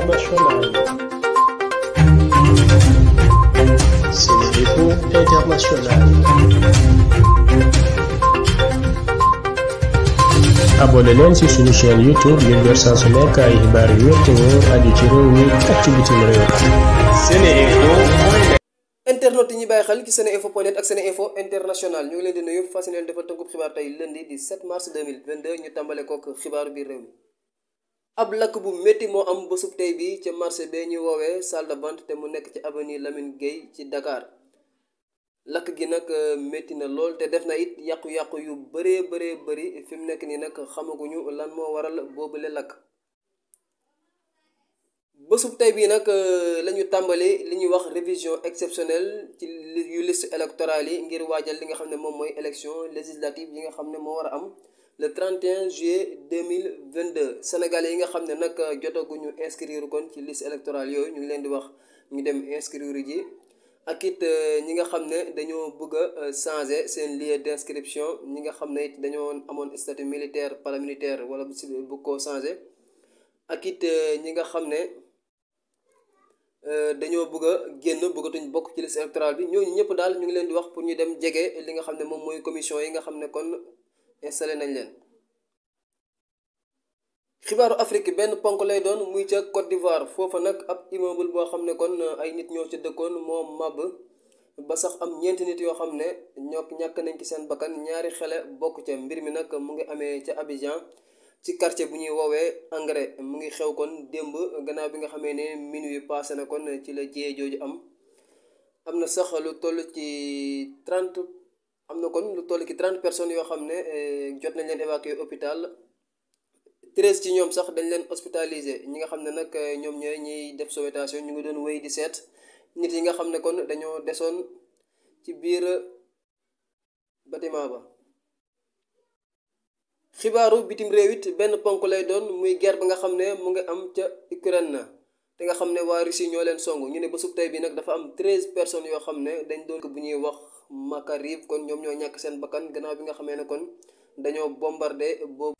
internationale. Sénéinfo International. abonné leen ci suñu chaîne YouTube yi door saa su nekk ay xibaar yu te wóor aju ci réew mi ak ci bitim réew. Sénéinfo. internautes leen di nuyu fas defal tënkub xibaar tey lundi di mars ñu tàmbale kook xibaaru biir réew mi ab lakk bu métti moo am bésub tey bi ca marché bee ñuy woowee salle de te mu nekk ci avenue Lamine Gueye ci Dakar lakk gi nag euh, metti na lool te def na it yàqu-yàqu yu bëree bëree bari fi mu nekk nii nag xamaguñu lan moo waral boobule lakk bésub tey bii nag euh, la ñu tàmbali li ñuy wax révision exceptionnelle ci yu liste électorale yi ngir waajal li nga xam ne moom mooy élection législative yi nga xam ne moo war a am le 31 juillet 2022 sénégalais yi nga xam ne nag euh, jotaguñu inscrire kon ci liste électorale yooyu ñu ngi leen di wax ñu dem inscrire ji ak it euh, ñi nga xam ne dañoo bëgg a euh, changer seen lieu d'inscription ñi nga xam ne it dañoo amoon statut militaire paramilitaire wala bu si bëgg koo changer ak it ñi nga xam ne dañoo bëgg a génn bëggatuñ bokk ci liste électorale bi ñooñu ñëpp daal ñu ngi leen di wax pour ñu dem jege li nga xam ne moom mooy commission yi nga xam ne kon installé nañ leen xibaaru Afrique benn ponk lay doon muy ca Côte d'Ivoire foofa nag ab immeuble boo xam ne kon euh, ay nit ñoo ca dëkkoon moo màbb ba sax am ñeenti nit yoo xam ne ñoo ñàkk nañ ci seen bakkan ñaari xale bokk ca mbir mi nag mu ngi amee ca Abidjan ci quartier bu ñuy woowee engrais mu ngi xew kon démb gannaaw bi nga xamee ne minuit passé na kon ci la jiyee jooju am am na sax lu toll ci trente am na kon lu toll ki 30 personnes yoo xam ne eh, jot nañ leen évacuer hôpital 13 ci ñoom sax dañ leen hospitalisé ñi nga xam ne nag eh, ñoom ñooy ñiy def sauvetation ñu ngi doon wéy di seet nit yi nga xam ne kon dañoo desoon ci biir bâtiment ba. xibaaru bitim réew it benn ponk lay doon muy guerre ba nga xam ne mu ngi am ca Ukraine na te nga xam ne waa Russie ñoo leen song ñu ne ba sub tey bi nag dafa am 13 personnes yoo xam ne dañ doon bu ñuy wax. Makarif kon ñoom ñoo ñàkk seen bakkan gannaaw bi nga xamee ne kon dañoo bombardé boobu.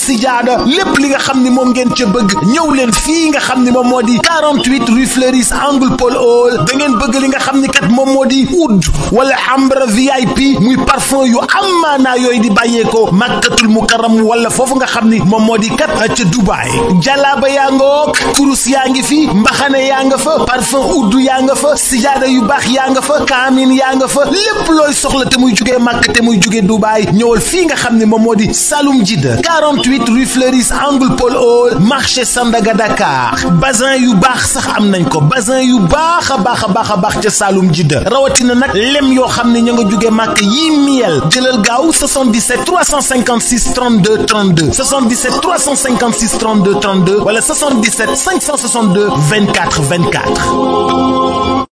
sijaada lépp li nga xam ni moom ngeen ca bëgg ñëw leen fii nga xam ni moom moo di 48 rue Fleuris angle Paul Hall da ngeen bëgg li nga xam ni kat moom moo di oud wala ambre VIP muy parfum yu amaanaa yooyu di bàyyeekoo màkkatul mukaram wala foofu nga xam ni moom moo di kat ca Dubaay jalaaba yaa nga kurus yaa ngi fi mbaxane yaa nga fa parfum uddu yaa nga fa sijaada yu baax yaa nga fa kaamin yaa nga fa lépp looy soxla te muy jugee màkk te muy jugee Dubaay ñëwal fii nga xam ne moom moo di Saloum Jidda 48 rue Fleuris angle Paul Hall marché Sandaga Dakar bazin yu baax sax am nañ ko bazin yu baax a baax a baax a baax ca Saloum Jidda rawatina nag lem yoo xam ne ña nga jóge màkk yii miel jëlal gaaw 77 356 32 32 77 356 32 cinq vingt quatre vingt 24